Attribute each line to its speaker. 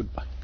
Speaker 1: goodbye.